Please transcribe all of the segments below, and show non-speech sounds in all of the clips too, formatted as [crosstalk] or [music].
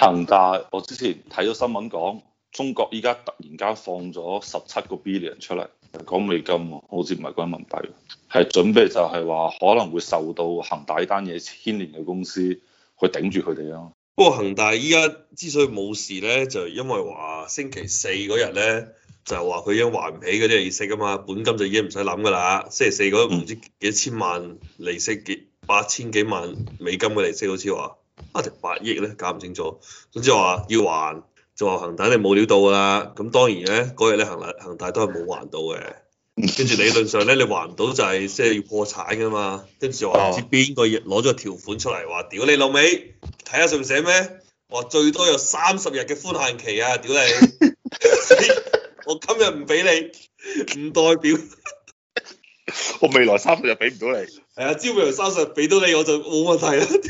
恒大，我之前睇咗新聞講，中國依家突然間放咗十七個 billion 出嚟，講美金喎，好似唔係講人民幣，係準備就係話可能會受到恒大呢單嘢牽連嘅公司去頂住佢哋咯。不過恒大依家之所以冇事咧，就係、因為話星期四嗰日咧，就話佢已經還唔起嗰啲利息啊嘛，本金就已經唔使諗噶啦。星期四嗰唔知幾千萬利息，幾、嗯、八千幾萬美金嘅利息好，好似話。啊！定八億咧，搞唔清楚。總之話要還，就話恆大你冇料到噶啦。咁當然咧，嗰日咧恆大恆大都係冇還到嘅。跟住理論上咧，你還唔到就係即係要破產噶嘛。跟住話唔知邊個攞咗條款出嚟話，屌你老味，睇下上面寫咩？話最多有三十日嘅寬限期啊！屌你， [laughs] 我今日唔俾你，唔代表 [laughs] 我未來三十日俾唔到你。係啊，只要未來三十日俾到你，我就冇問題啦。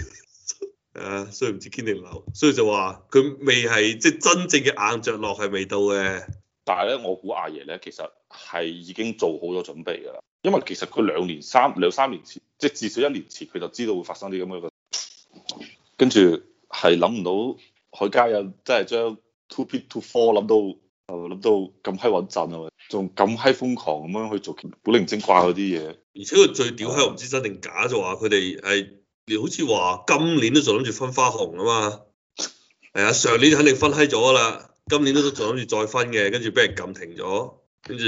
誒、啊，所以唔知堅定流，所以就話佢未係即係真正嘅硬着落係未到嘅。但係咧，我估阿爺咧，其實係已經做好咗準備噶啦。因為其實佢兩年三兩三年前，即係至少一年前，佢就知道會發生啲咁樣嘅。跟住係諗唔到，許家印真係將 two pit two four 諗到，誒諗到咁閪穩陣啊，仲咁閪瘋狂咁樣去做古靈精怪嗰啲嘢。而且佢最屌係，我唔知真定假就話佢哋係。你好似話今年都仲諗住分花紅啊嘛，係啊，上年肯定分閪咗啦，今年都仲諗住再分嘅，跟住俾人撳停咗，跟住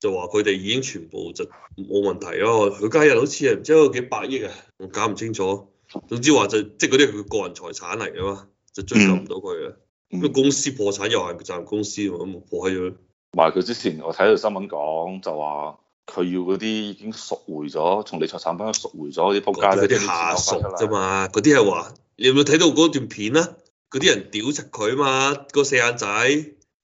就話佢哋已經全部就冇問題咯。佢家入好似係唔知有幾百億啊，我搞唔清楚。總之話就即係嗰啲係佢個人財產嚟噶嘛，就追究唔到佢嘅。公司破產有限責任公司咁破開咗。話佢、嗯嗯、之前我睇到新聞講就話。佢要嗰啲已經贖回咗，從理財產品贖回咗啲仆街啲錢，嗰啲下屬啫嘛，嗰啲係話，你有冇睇到嗰段片啊？嗰啲人屌柒佢啊嘛，個四眼仔，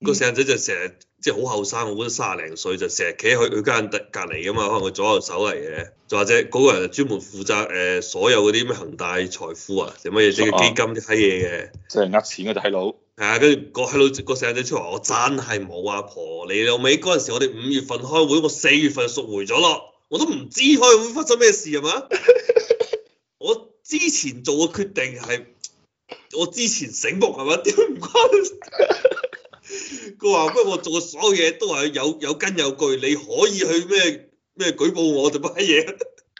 個四眼仔就成日即係好後生，我估都卅零歲就成日企喺佢佢間隔隔離啊嘛，可能佢左右手嚟嘅，就或者嗰個人專門負責誒所有嗰啲咩恒大財富啊，定乜嘢即係基金啲閪嘢嘅，即係呃錢嘅就閪佬。係啊，跟住、那個細佬個細仔出嚟，我真係冇阿婆。你老尾嗰陣時，我哋五月份開會，我四月份贖回咗咯，我都唔知開會發生咩事係嘛？ [laughs] 我之前做嘅決定係我之前醒目係嘛？點唔關？佢話咩？我做嘅所有嘢都係有有，有根有據，你可以去咩咩舉報我哋乜嘢？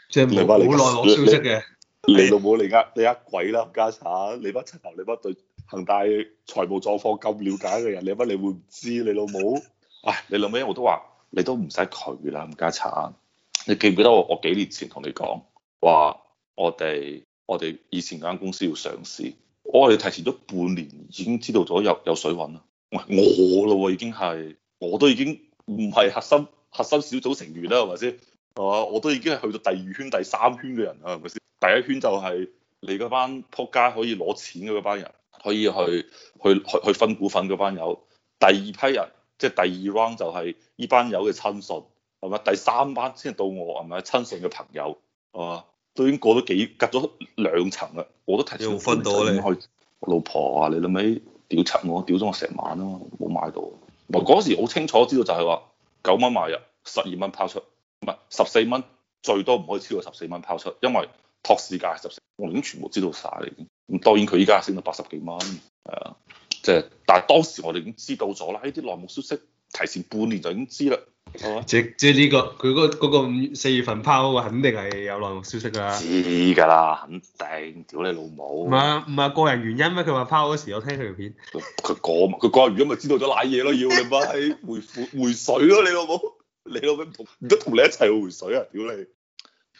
即係 [laughs] 你。冇內幕消息嘅，你老母，你呃你呃鬼啦，鬼家產你乜柒頭你乜對？ [laughs] 恒大財務狀況咁了解嘅人，你乜你會唔知？你老母，唉！你老母我都話，你都唔使佢啦，咁家產。你記唔記得我？我幾年前同你講話，我哋我哋以前嗰間公司要上市，我哋提前咗半年已經知道咗有有水運啦。唔係我咯，已經係我都已經唔係核心核心小組成員啦，係咪先？係我都已經係去到第二圈、第三圈嘅人啦，係咪先？第一圈就係你嗰班仆街可以攞錢嘅嗰班人。可以去去去去分股份嗰班友，第二批人即係第二 round 就係呢班友嘅親信，係嘛？第三班先到我，係咪親信嘅朋友？係嘛？都已經過咗幾隔咗兩層啦，我都提心吊膽咁開。老婆啊，你諗起屌柒我，屌咗我成晚啊，冇買到。嗱，嗰時好清楚知道就係話九蚊買入，十二蚊拋出，唔係十四蚊，最多唔可以超過十四蚊拋出，因為。托市價十成，我哋已經全部知道晒啦，咁當然佢依家升到八十幾蚊，係啊，即係，但係當時我哋已經知道咗啦，呢啲內幕消息提前半年就已經知啦。即即呢、呢個佢嗰嗰個五四、嗰個、月份拋嗰個，肯定係有內幕消息㗎啦。知㗎啦，肯定。屌你老母！唔係唔係個人原因咩？佢話拋嗰時，我聽佢條片。佢講， [laughs] 佢講如果咪知道咗瀨嘢咯，要你咪回 [laughs] 回，回水咯，啊，你老母！你老母同唔得同你一齊回水啊！屌你！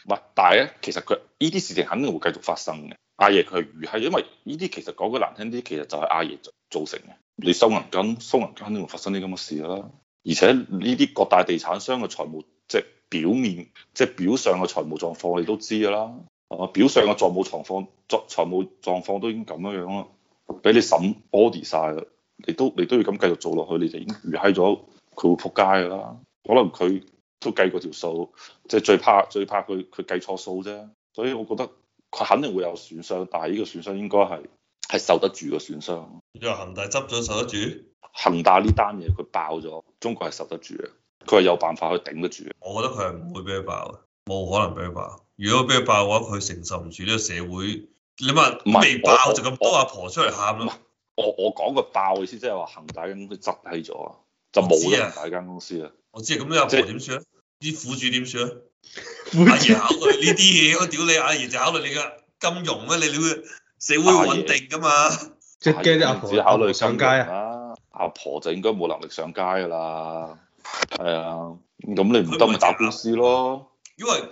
唔係，但係咧，其實佢呢啲事情肯定會繼續發生嘅。阿爺佢係預期，因為呢啲其實講句難聽啲，其實就係阿爺造成嘅。你收銀根，收銀根肯定會發生啲咁嘅事噶啦。而且呢啲各大地產商嘅財務，即係表面，即係表上嘅財務狀況，你都知噶啦。啊，表上嘅財務狀況，財財務狀況都已經咁樣樣啦，俾你審 body 晒啦，你都你都要咁繼續做落去，你就已經預期咗，佢會仆街噶啦。可能佢。都計過條數，即係最怕最怕佢佢計錯數啫，所以我覺得佢肯定會有損傷，但係呢個損傷應該係係受得住嘅損傷。你話恒大執咗受得住？恒大呢單嘢佢爆咗，中國係受得住嘅，佢係有辦法去頂得住。我覺得佢係唔會俾佢爆嘅，冇可能俾佢爆。如果俾佢爆嘅話，佢承受唔住呢個社會。你話未是爆就咁多阿我婆出嚟喊咯？我我講個爆嘅意思即係話恒大咁樣執起咗啊，就冇、是、咗大，恒大間公司啦、啊。我知，咁呢阿婆點算？啲苦主點算？ [laughs] 阿爺考慮呢啲嘢，我屌你！阿爺就考慮你嘅金融啊，你你要社會穩定噶嘛？爺 [laughs] 只驚啲阿婆考慮上街啊！阿婆就應該冇能力上街噶啦，係啊，咁你唔得咪打官司咯。因為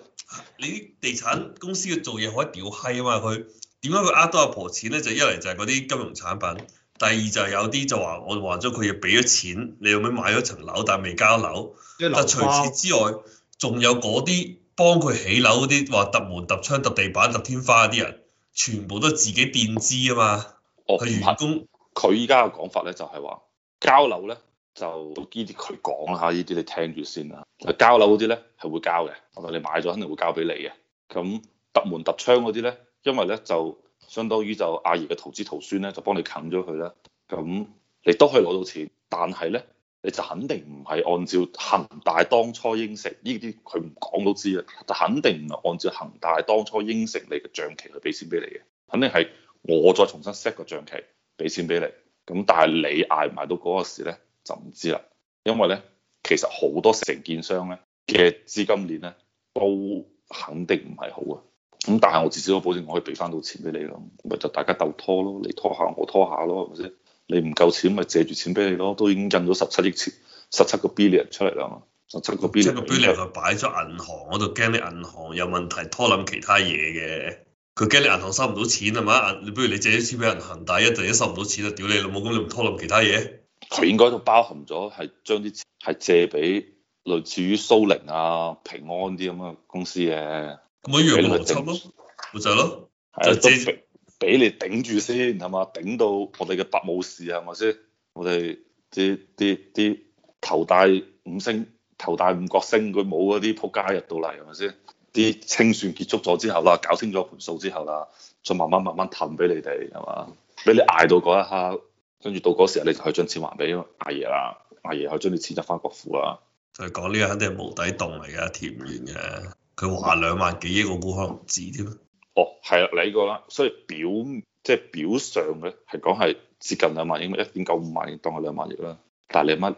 你啲地產公司嘅做嘢可以屌閪啊嘛，佢點解佢呃多阿婆錢咧？就是、一嚟就係嗰啲金融產品。第二就係有啲就話我話咗佢，要俾咗錢，你有冇買咗層樓，但係未交樓。樓花但除此之外，仲有嗰啲幫佢起樓嗰啲話揼門揼窗揼地板揼天花嗰啲人，全部都自己墊資啊嘛。哦。佢員工，佢依家嘅講法咧就係話交樓咧就呢啲佢講下，呢啲你聽住先啦。交樓嗰啲咧係會交嘅，我哋你買咗肯定會交俾你嘅。咁揼門揼窗嗰啲咧，因為咧就。相當於就阿爺嘅徒子徒孫咧，就幫你啃咗佢啦。咁你都可以攞到錢，但係咧，你就肯定唔係按照恒大當初應承呢啲，佢唔講都知啦。就肯定唔係按照恒大當初應承你嘅帳期去俾錢俾你嘅，肯定係我再重新 set 個帳期俾錢俾你。咁但係你捱唔捱到嗰個時咧，就唔知啦。因為咧，其實好多承建商咧嘅資金鏈咧，都肯定唔係好啊。咁但係我至少可以保證我可以俾翻到錢俾你咯，咪就大家鬥拖咯，你拖下我拖下咯，係咪先？你唔夠錢咪借住錢俾你咯，都已經印咗十七億錢，十七個 billion 出嚟啦嘛，十七個 billion，十七個 billion 佢擺咗銀行嗰度，驚你銀行有問題拖冧其他嘢嘅，佢驚你銀行收唔到錢係嘛？你不如你借啲錢俾銀行抵，但一陣間收唔到錢啊，就屌你老母，咁你唔拖冧其他嘢？佢應該都包含咗係將啲錢係借俾類似於蘇寧啊、平安啲咁嘅公司嘅。咁一樣嘅邏輯咯，咪、啊、就係咯，就借俾你頂住先，係嘛？頂到我哋嘅白武士係咪先？我哋啲啲啲頭戴五星、頭戴五角星，佢冇嗰啲仆街入到嚟，係咪先？啲清算結束咗之後啦，搞清楚盤數之後啦，再慢慢慢慢氹俾你哋，係嘛？俾你捱到嗰一刻，跟住到嗰時候，你就去可以將錢還俾阿爺啦，阿爺可以將啲錢得翻國庫啦。就係講呢個肯定係無底洞嚟嘅，填完嘅。佢話兩萬幾億，我估可能唔止添，哦，係啦、啊，你呢、這個啦，所以表即係表上嘅係講係接近兩萬億，一點九五萬億當係兩萬億啦，但係你乜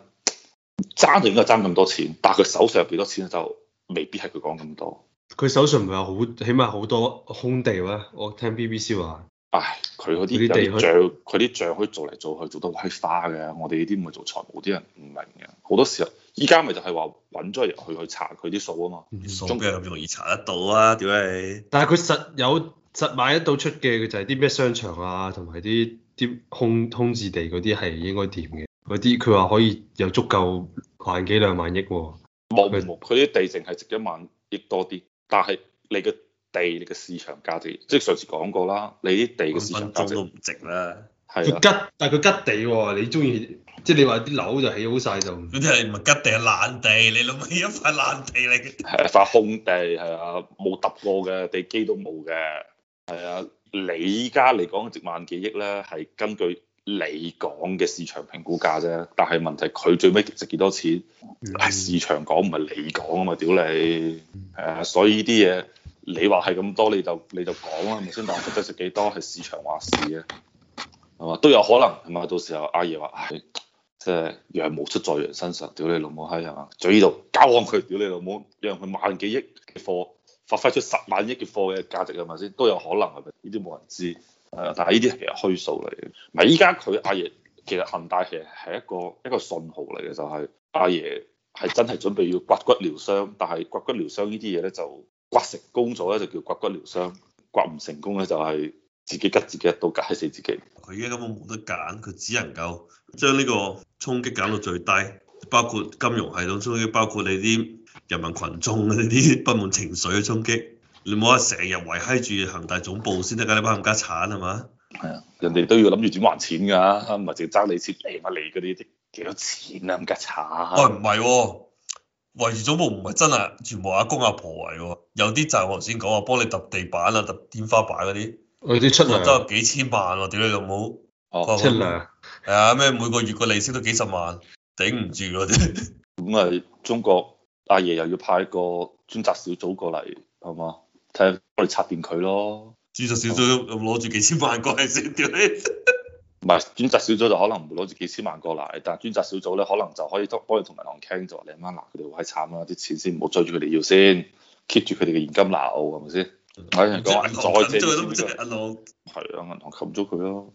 爭就應該爭咁多錢，但係佢手上有幾多錢就未必係佢講咁多。佢手上唔係有好，起碼好多空地咩？我聽 B B C 話。唉，佢啲啲帳，佢啲帳可以做嚟做去，做到鬼花嘅。我哋呢啲唔係做財務啲人唔明嘅，好多時候，依家咪就係話搵咗入去去查佢啲數啊嘛。嗯、中數邊咁容易查得到啊？點解？但係佢實有實買得到出嘅，就係啲咩商場啊，同埋啲啲空空置地嗰啲係應該掂嘅。嗰啲佢話可以有足夠萬幾兩萬億喎、啊。冇佢啲地淨係值一萬億多啲，但係你嘅。地你嘅市場價值，即係上次講過啦，你啲地嘅市場價值都唔值啦。係、啊。佢吉，但係佢吉地喎、哦，你中意，即係你話啲樓就起好晒，就，嗰啲係咪吉地啊？爛地，你諗起係一塊爛地嚟嘅。係塊、啊、空地係啊，冇揼過嘅地基都冇嘅。係啊，你依家嚟講值萬幾億咧，係根據你講嘅市場評估價啫。但係問題佢最尾值幾多錢係市場講，唔係你講啊嘛，屌你。係啊，所以呢啲嘢。你話係咁多，你就你就講啊，係咪先？但係佢得食幾多，係市場話事嘅，係嘛？都有可能係嘛？到時候阿爺話，唉，即係羊毛出在人身上，屌你老母閪係嘛？在依度交往佢，屌你老母，讓佢萬幾億嘅貨發揮出十萬億嘅貨嘅價值係咪先？都有可能係咪？呢啲冇人知，係，但係呢啲係其實虛數嚟嘅。唔係依家佢阿爺，其實恒大其實係一個一個信號嚟嘅，就係、是、阿爺係真係準備要刮骨療傷，但係刮骨療傷呢啲嘢咧就。刮成功咗咧就叫刮骨療傷，刮唔成功咧就係自己吉自己一刀，解死自己。佢而家根本冇得揀，佢只能夠將呢個衝擊減到最低，包括金融系統衝擊，包括你啲人民群眾嗰啲不滿情緒嘅衝擊。你冇話成日維係住恒大總部先得㗎，你唔係冚家鏟係嘛？係啊，人哋都要諗住轉還錢㗎，唔係淨爭你錢嚟乜嚟啲幾多錢啊？咁冚家鏟。喂、哎，唔係喎。圍住總部唔係真係全部阿公阿婆圍喎，有啲就係我頭先講話幫你揼地板啊、揼天花板嗰啲，有啲出糧都入幾千萬喎，屌你老母！哦，出糧係啊咩？哎、每個月個利息都幾十萬頂、嗯，頂唔住嗰啲。咁啊，中國阿爺又要派個專責小組過嚟，係嘛？睇下我哋拆掂佢咯。專責小組又攞住幾千萬過嚟先、嗯，屌你！唔係專責小組就可能唔會攞住幾千萬過嚟，但係專責小組咧可能就可以幫你佢同銀行傾咗，你阿媽嗱佢哋好閪慘啊，啲錢先唔好追住佢哋要先，keep 住佢哋嘅現金流係咪先？啱啱講，再借係啊，銀行冚足佢咯，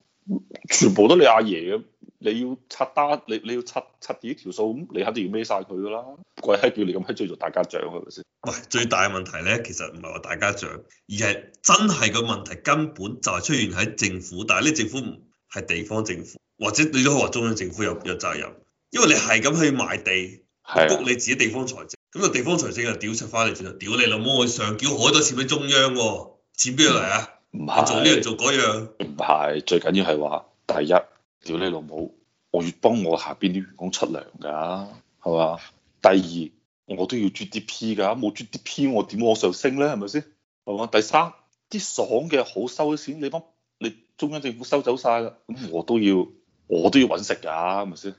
全部都你阿爺咁，你要拆單，你你要拆拆幾條數，咁你肯定要孭晒佢噶啦。鬼閪叫你咁閪追做大家長係咪先？喂，最大嘅問題咧，其實唔係話大家長，而係真係個問題根本就係出現喺政府，但係呢政府唔係地方政府，或者你都可話中央政府有有責任，因為你係咁去賣地，谷你自己地方財政，咁是啊地方財政就屌柒翻嚟，先，屌你老母，我上繳好多錢俾中央喎，錢邊度嚟啊？唔係，做呢樣做嗰樣，唔係。最緊要係話第一，屌你老母，我要幫我下邊啲員工出糧噶，係嘛？第二，我都要 GDP 噶，冇 GDP 我點往上升咧？係咪先？係嘛？第三，啲爽嘅好收啲錢，你幫。你中央政府收走晒啦，咁我都要，我都要搵食噶，係咪先？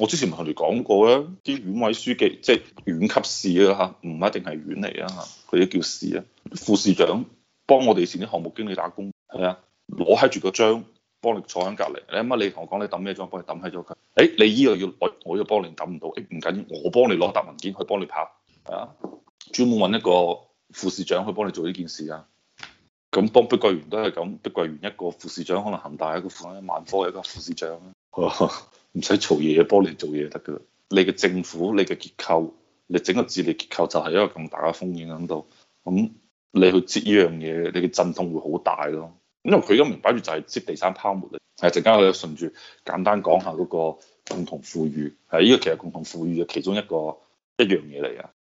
我之前咪同你講過啦，啲縣委書記即係縣級市啊吓，唔一定係縣嚟啊吓，佢都叫市啊。副市長幫我哋前啲項目經理打工，係啊，攞喺住個章，幫你坐喺隔籬。你乜、欸？你同我講你抌咩章，我幫你抌喺咗佢。誒，你依個要攞，我要幫你抌唔到。誒，唔緊要，我幫你攞沓文件去幫，去幫你跑，係啊。專門搵一個副市長去幫你做呢件事啊。咁幫碧桂園都係咁，碧桂園一,一個副市長，可能恒大一個副，萬科一個副市長，唔使嘈嘢，幫你做嘢得噶啦。你嘅政府，你嘅結構，你整個治理結構就係一個咁大嘅風險喺度。咁你去接呢樣嘢，你嘅陣痛會好大咯。因為佢而家明擺住就係接地產泡沫嚟，係陣間我哋順住簡單講下嗰個共同富裕，係呢個其實共同富裕嘅其中一個一樣嘢嚟噶。